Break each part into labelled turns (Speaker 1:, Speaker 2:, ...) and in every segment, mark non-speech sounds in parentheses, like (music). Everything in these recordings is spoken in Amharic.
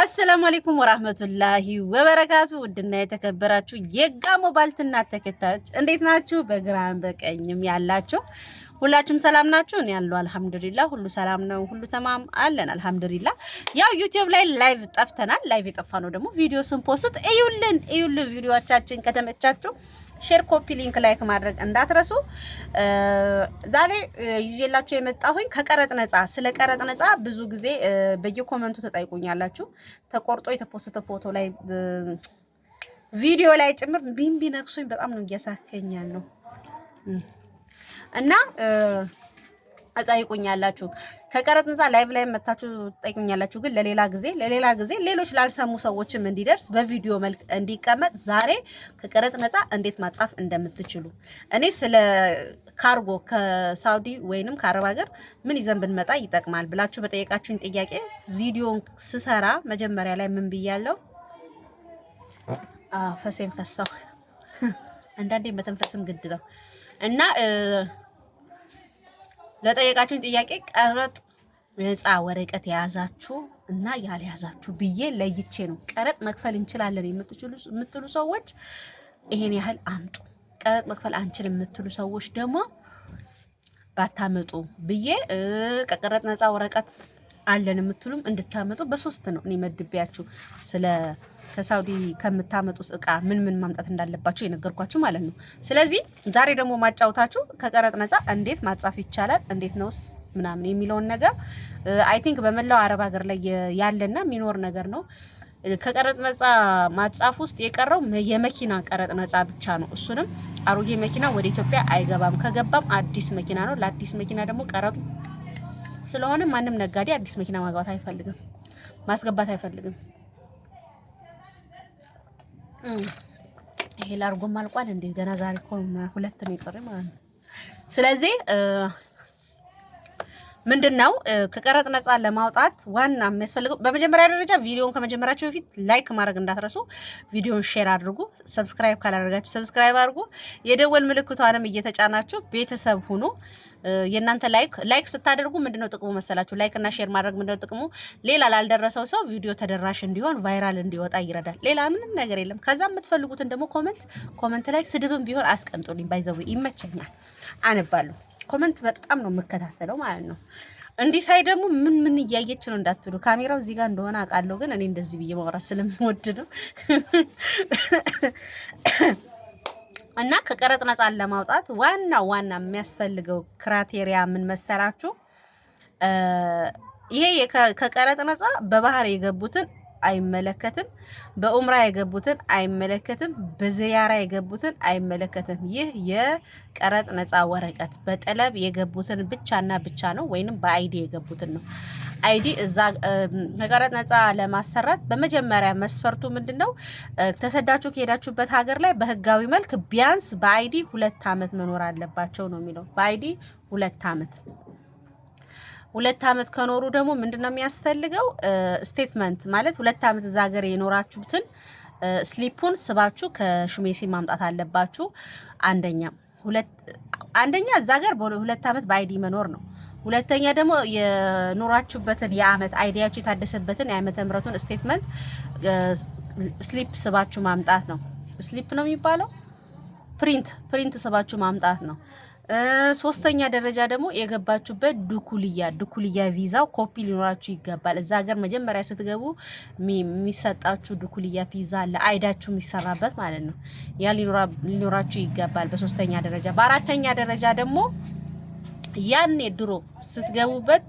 Speaker 1: አሰላሙ አሌይኩም ወራህመቱላሂ ወበረካቱ። ውድና የተከበራችሁ የጋሞ ባልትና ተከታዮች እንዴት ናችሁ? በግራም በቀኝም ያላችሁ ሁላችሁም ሰላም ናችሁ? እኔ ያለው አልሐምዱሊላ ሁሉ ሰላም ነው፣ ሁሉ ተማም አለን አልሐምዱሊላ። ያው ዩቲዩብ ላይ ላይቭ ጠፍተናል። ላይቭ የጠፋ ነው ደግሞ ቪዲዮ ስንፖስት እዩልን፣ እዩልን ቪዲዮቻችን ከተመቻችሁ ሼር፣ ኮፒ ሊንክ፣ ላይክ ማድረግ እንዳትረሱ። ዛሬ ይዤላችሁ የመጣሁኝ ከቀረጥ ነጻ፣ ስለ ቀረጥ ነጻ ብዙ ጊዜ በየኮመንቱ ተጠይቁኛላችሁ። ተቆርጦ የተፖስተ ፎቶ ላይ ቪዲዮ ላይ ጭምር ቢንቢ ነክሶኝ በጣም ነው እያሳከኛል ነው እና ጠይቁኛላችሁ ከቀረጥ ነፃ ላይቭ ላይ መታችሁ ጠይቁኛላችሁ። ግን ለሌላ ጊዜ ለሌላ ጊዜ ሌሎች ላልሰሙ ሰዎችም እንዲደርስ በቪዲዮ መልክ እንዲቀመጥ ዛሬ ከቀረጥ ነፃ እንዴት ማጻፍ እንደምትችሉ እኔ ስለ ካርጎ ከሳውዲ ወይንም ከአረብ ሀገር ምን ይዘን ብንመጣ ይጠቅማል ብላችሁ በጠየቃችሁኝ ጥያቄ ቪዲዮን ስሰራ መጀመሪያ ላይ ምን ብያለሁ? ፈሴን ፈሳው (laughs) አንዳንዴ መተንፈስም ግድ ነው እና ለጠየቃችሁን ጥያቄ ቀረጥ ነፃ ወረቀት የያዛችሁ እና ያልያዛችሁ ብዬ ለይቼ ነው። ቀረጥ መክፈል እንችላለን የምትሉ ሰዎች ይሄን ያህል አምጡ፣ ቀረጥ መክፈል አንችል የምትሉ ሰዎች ደግሞ ባታመጡ ብዬ ከቀረጥ ነፃ ወረቀት አለን የምትሉም እንድታመጡ በሶስት ነው እኔ መድቤያችሁ ስለ ከሳውዲ ከምታመጡት እቃ ምን ምን ማምጣት እንዳለባቸው የነገርኳችሁ ማለት ነው። ስለዚህ ዛሬ ደግሞ ማጫወታችሁ ከቀረጥ ነጻ እንዴት ማጻፍ ይቻላል፣ እንዴት ነውስ ምናምን የሚለውን ነገር አይ ቲንክ በመላው አረብ ሀገር ላይ ያለና የሚኖር ነገር ነው። ከቀረጥ ነጻ ማጻፍ ውስጥ የቀረው የመኪና ቀረጥ ነጻ ብቻ ነው። እሱንም አሮጌ መኪና ወደ ኢትዮጵያ አይገባም። ከገባም አዲስ መኪና ነው። ለአዲስ መኪና ደግሞ ቀረጡ ስለሆነ ማንም ነጋዴ አዲስ መኪና ማግባት አይፈልግም፣ ማስገባት አይፈልግም። ይሄ ላርጎም አልቋል እንዴ? ገና ዛሬ እኮ ሁለት ነው የቀረ ማለት ነው። ስለዚህ ምንድን ነው ከቀረጥ ነፃ ለማውጣት ዋና የሚያስፈልገው በመጀመሪያ ደረጃ ቪዲዮን ከመጀመራችሁ በፊት ላይክ ማድረግ እንዳትረሱ። ቪዲዮን ሼር አድርጉ። ሰብስክራይብ ካላደረጋችሁ ሰብስክራይብ አድርጉ። የደወል ምልክቷንም እየተጫናችሁ ቤተሰብ ሁኑ። የእናንተ ላይክ ላይክ ስታደርጉ ምንድነው ጥቅሙ መሰላችሁ? ላይክ እና ሼር ማድረግ ምንድነው ጥቅሙ? ሌላ ላልደረሰው ሰው ቪዲዮ ተደራሽ እንዲሆን ቫይራል እንዲወጣ ይረዳል። ሌላ ምንም ነገር የለም። ከዛ የምትፈልጉትን ደግሞ ኮመንት ኮመንት ላይ ስድብም ቢሆን አስቀምጡልኝ። ባይዘው ይመቸኛል፣ አነባለሁ ኮመንት በጣም ነው የምከታተለው ማለት ነው። እንዲህ ሳይ ደግሞ ምን ምን እያየች ነው እንዳትሉ፣ ካሜራው እዚህ ጋር እንደሆነ አውቃለሁ፣ ግን እኔ እንደዚህ ብዬ ማውራት ስለምወድ ነው። እና ከቀረጥ ነፃን ለማውጣት ዋና ዋና የሚያስፈልገው ክራቴሪያ ምን መሰላችሁ? ይሄ ከቀረጥ ነፃ በባህር የገቡትን አይመለከትም። በኡምራ የገቡትን አይመለከትም። በዚያራ የገቡትን አይመለከትም። ይህ የቀረጥ ነፃ ወረቀት በጠለብ የገቡትን ብቻና ብቻ ነው፣ ወይንም በአይዲ የገቡትን ነው። አይዲ እዛ ከቀረጥ ነፃ ለማሰራት በመጀመሪያ መስፈርቱ ምንድን ነው? ተሰዳችሁ ከሄዳችሁበት ሀገር ላይ በህጋዊ መልክ ቢያንስ በአይዲ ሁለት አመት መኖር አለባቸው ነው የሚለው በአይዲ ሁለት አመት። ሁለት አመት ከኖሩ ደግሞ ምንድነው የሚያስፈልገው ስቴትመንት ማለት ሁለት አመት እዛ ሀገር የኖራችሁትን ስሊፑን ስባችሁ ከሹሜሲ ማምጣት አለባችሁ። አንደኛ ሁለት አንደኛ እዛ ሀገር በሁለት አመት በአይዲ መኖር ነው። ሁለተኛ ደግሞ የኖራችሁበትን የአመት አይዲያችሁ የታደሰበትን የአመተ ምረቱን ስቴትመንት ስሊፕ ስባችሁ ማምጣት ነው። ስሊፕ ነው የሚባለው። ፕሪንት ፕሪንት ስባችሁ ማምጣት ነው። ሶስተኛ ደረጃ ደግሞ የገባችሁበት ዱኩልያ ዱኩልያ ቪዛው ኮፒ ሊኖራችሁ ይገባል። እዛ ሀገር መጀመሪያ ስትገቡ የሚሰጣችሁ ዱኩልያ ቪዛ አለ፣ አይዳችሁ የሚሰራበት ማለት ነው። ያ ሊኖራችሁ ይገባል በሶስተኛ ደረጃ። በአራተኛ ደረጃ ደግሞ ያኔ ድሮ ስትገቡበት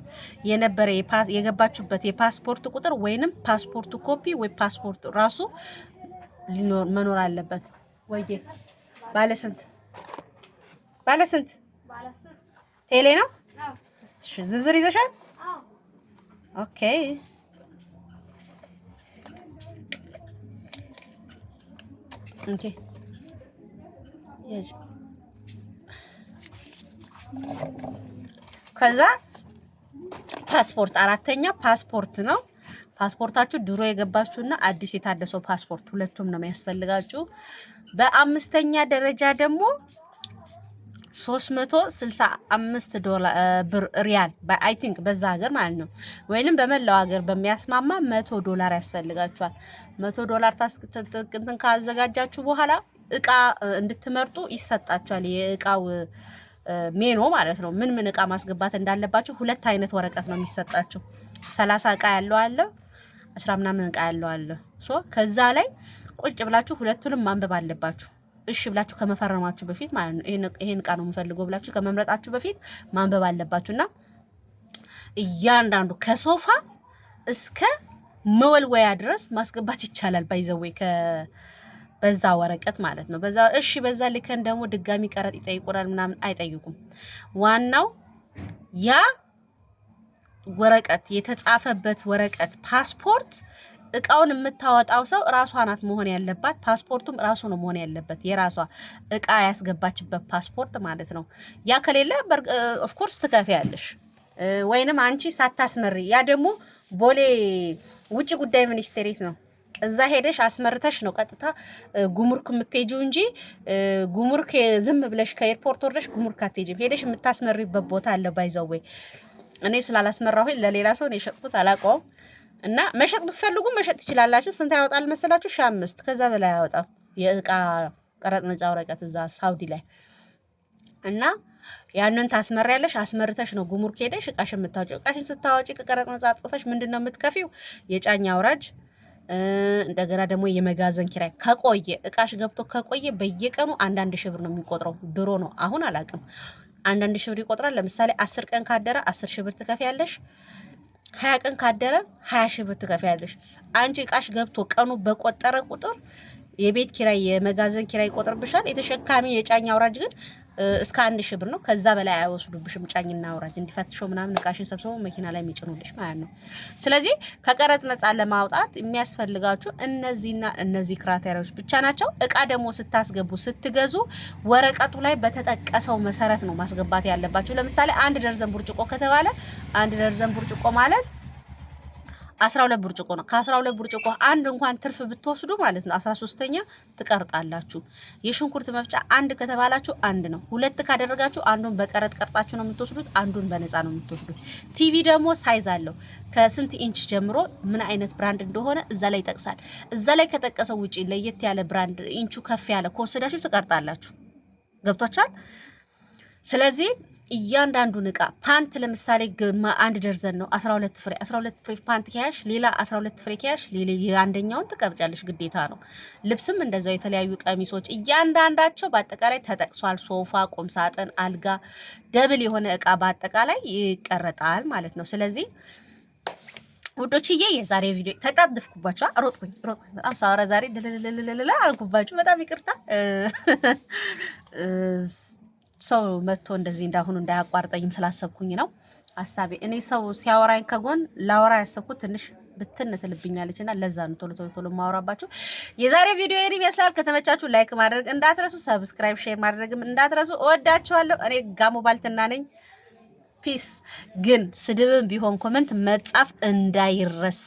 Speaker 1: የነበረ የገባችሁበት የፓስፖርት ቁጥር ወይንም ፓስፖርቱ ኮፒ ወይ ፓስፖርቱ ራሱ መኖር አለበት። ወይ ባለስንት ባለ ስንት ቴሌ ነው? ዝርዝር ይዘሻል? ኦኬ ከዛ ፓስፖርት አራተኛ ፓስፖርት ነው። ፓስፖርታችሁ ድሮ የገባችሁና አዲስ የታደሰው ፓስፖርት ሁለቱም ነው የሚያስፈልጋችሁ። በአምስተኛ ደረጃ ደግሞ 365 ዶላር ብር ሪያል አይ ቲንክ በዛ ሀገር ማለት ነው፣ ወይንም በመላው ሀገር በሚያስማማ መቶ ዶላር ያስፈልጋችኋል። መቶ ዶላር ታስቅንትን ካዘጋጃችሁ በኋላ እቃ እንድትመርጡ ይሰጣችኋል። የእቃው ሜኖ ማለት ነው። ምን ምን እቃ ማስገባት እንዳለባችሁ ሁለት አይነት ወረቀት ነው የሚሰጣችሁ። 30 እቃ ያለው አለ፣ 10 ምናምን እቃ ያለው አለ። ሶ ከዛ ላይ ቁጭ ብላችሁ ሁለቱንም ማንበብ አለባችሁ። እሺ ብላችሁ ከመፈረማችሁ በፊት ማለት ነው ይሄን እቃ ነው የምፈልገው ብላችሁ ከመምረጣችሁ በፊት ማንበብ አለባችሁና እያንዳንዱ ከሶፋ እስከ መወልወያ ድረስ ማስገባት ይቻላል። ባይዘዌ በዛ ወረቀት ማለት ነው። በዛ እሺ፣ በዛ ልከን ደግሞ ድጋሚ ቀረጥ ይጠይቁናል ምናምን አይጠይቁም። ዋናው ያ ወረቀት የተጻፈበት ወረቀት ፓስፖርት እቃውን የምታወጣው ሰው ራሷ ናት መሆን ያለባት። ፓስፖርቱም ራሱ ነው መሆን ያለበት፣ የራሷ እቃ ያስገባችበት ፓስፖርት ማለት ነው። ያ ከሌለ ኦፍኮርስ ትከፍያለሽ፣ ወይንም አንቺ ሳታስመሪ። ያ ደግሞ ቦሌ ውጭ ጉዳይ ሚኒስቴር ነው። እዛ ሄደሽ አስመርተሽ ነው ቀጥታ ጉሙርክ የምትሄጂው እንጂ ጉሙርክ ዝም ብለሽ ከኤርፖርት ወርደሽ ጉሙርክ አትሄጂም። ሄደሽ የምታስመሪበት ቦታ አለ። ባይዘዌ እኔ ስላላስመራሁኝ ለሌላ ሰው ነው የሸጥኩት፣ አላውቀውም እና መሸጥ ብትፈልጉ መሸጥ ትችላላችሁ። ስንት ያወጣል መሰላችሁ? ሺህ አምስት ከዛ በላይ አያወጣም። የእቃ ቀረጥ ነጻ ወረቀት እዛ ሳውዲ ላይ እና ያንን ያለሽ አስመርተሽ ነው ጉሙር ሄደሽ እቃሽን የምታወጪው። እቃሽን ስታወጪ ከቀረጥ ነጻ ጽፈሽ ምንድን ነው የምትከፊው? የጫኝ አውራጅ እንደገና ደግሞ የመጋዘን ኪራይ ከቆየ እቃሽ ገብቶ ከቆየ በየቀኑ አንዳንድ ሺህ ብር ነው የሚቆጥረው። ድሮ ነው አሁን አላውቅም። አንዳንድ ሺህ ብር ይቆጥራል። ለምሳሌ አስር ቀን ካደረ አስር ሺህ ብር ትከፍያለሽ። ሀያ ቀን ካደረ ሀያ ሺህ ብር ትከፍያለሽ። አንቺ እቃሽ ገብቶ ቀኑ በቆጠረ ቁጥር የቤት ኪራይ የመጋዘን ኪራይ ይቆጥርብሻል። የተሸካሚ የጫኝ አውራጅ ግን እስከ አንድ ሺህ ብር ነው። ከዛ በላይ አይወስዱብሽም። ጫኝና አውራጅ እንዲፈትሸው ምናምን እቃሽን ሰብስበው መኪና ላይ የሚጭኑልሽ ማለት ነው። ስለዚህ ከቀረጥ ነፃ ለማውጣት የሚያስፈልጋችሁ እነዚህና እነዚህ ክራቴሪያዎች ብቻ ናቸው። እቃ ደግሞ ስታስገቡ ስትገዙ ወረቀቱ ላይ በተጠቀሰው መሰረት ነው ማስገባት ያለባችሁ። ለምሳሌ አንድ ደርዘን ብርጭቆ ከተባለ አንድ ደርዘን ብርጭቆ ማለት አስራ ሁለት ብርጭቆ ነው። ከአስራ ሁለት ብርጭቆ አንድ እንኳን ትርፍ ብትወስዱ ማለት ነው አስራ ሶስተኛ ትቀርጣላችሁ። የሽንኩርት መፍጫ አንድ ከተባላችሁ አንድ ነው። ሁለት ካደረጋችሁ አንዱን በቀረጥ ቀርጣችሁ ነው የምትወስዱት፣ አንዱን በነፃ ነው የምትወስዱት። ቲቪ ደግሞ ሳይዝ አለው ከስንት ኢንች ጀምሮ ምን አይነት ብራንድ እንደሆነ እዛ ላይ ይጠቅሳል። እዛ ላይ ከጠቀሰው ውጪ ለየት ያለ ብራንድ ኢንቹ ከፍ ያለ ከወሰዳችሁ ትቀርጣላችሁ። ገብቷችኋል? ስለዚህ እያንዳንዱን እቃ ፓንት ለምሳሌ ግማ አንድ ደርዘን ነው፣ 12 ፍሬ 12 ፍሬ ፓንት ከያሽ ሌላ 12 ፍሬ ከያሽ ሌላ የአንደኛውን ትቀርጫለሽ፣ ግዴታ ነው። ልብስም እንደዛው የተለያዩ ቀሚሶች እያንዳንዳቸው በአጠቃላይ ተጠቅሷል። ሶፋ፣ ቁም ሳጥን፣ አልጋ፣ ደብል የሆነ እቃ በአጠቃላይ ይቀረጣል ማለት ነው። ስለዚህ ውዶችዬ የዛሬ ቪዲዮ ተጣድፍኩባቸው ሮጥኩኝ ሮጥኩኝ። በጣም ሳወራ ዛሬ ድልልልልልል አልኩባችሁ። በጣም ይቅርታ። ሰው መጥቶ እንደዚህ እንዳሁኑ እንዳያቋርጠኝም ስላሰብኩኝ ነው ሀሳቤ። እኔ ሰው ሲያወራኝ ከጎን ላወራ ያሰብኩት ትንሽ ብትን ትልብኛለች እና ለዛ ነው ቶሎ ቶሎ ቶሎ ማወራባችሁ። የዛሬ ቪዲዮ ይህን ይመስላል። ከተመቻችሁ ላይክ ማድረግ እንዳትረሱ፣ ሰብስክራይብ፣ ሼር ማድረግም እንዳትረሱ። እወዳችኋለሁ። እኔ ጋሞ ባልትና ነኝ። ፒስ። ግን ስድብም ቢሆን ኮመንት መጻፍ እንዳይረስ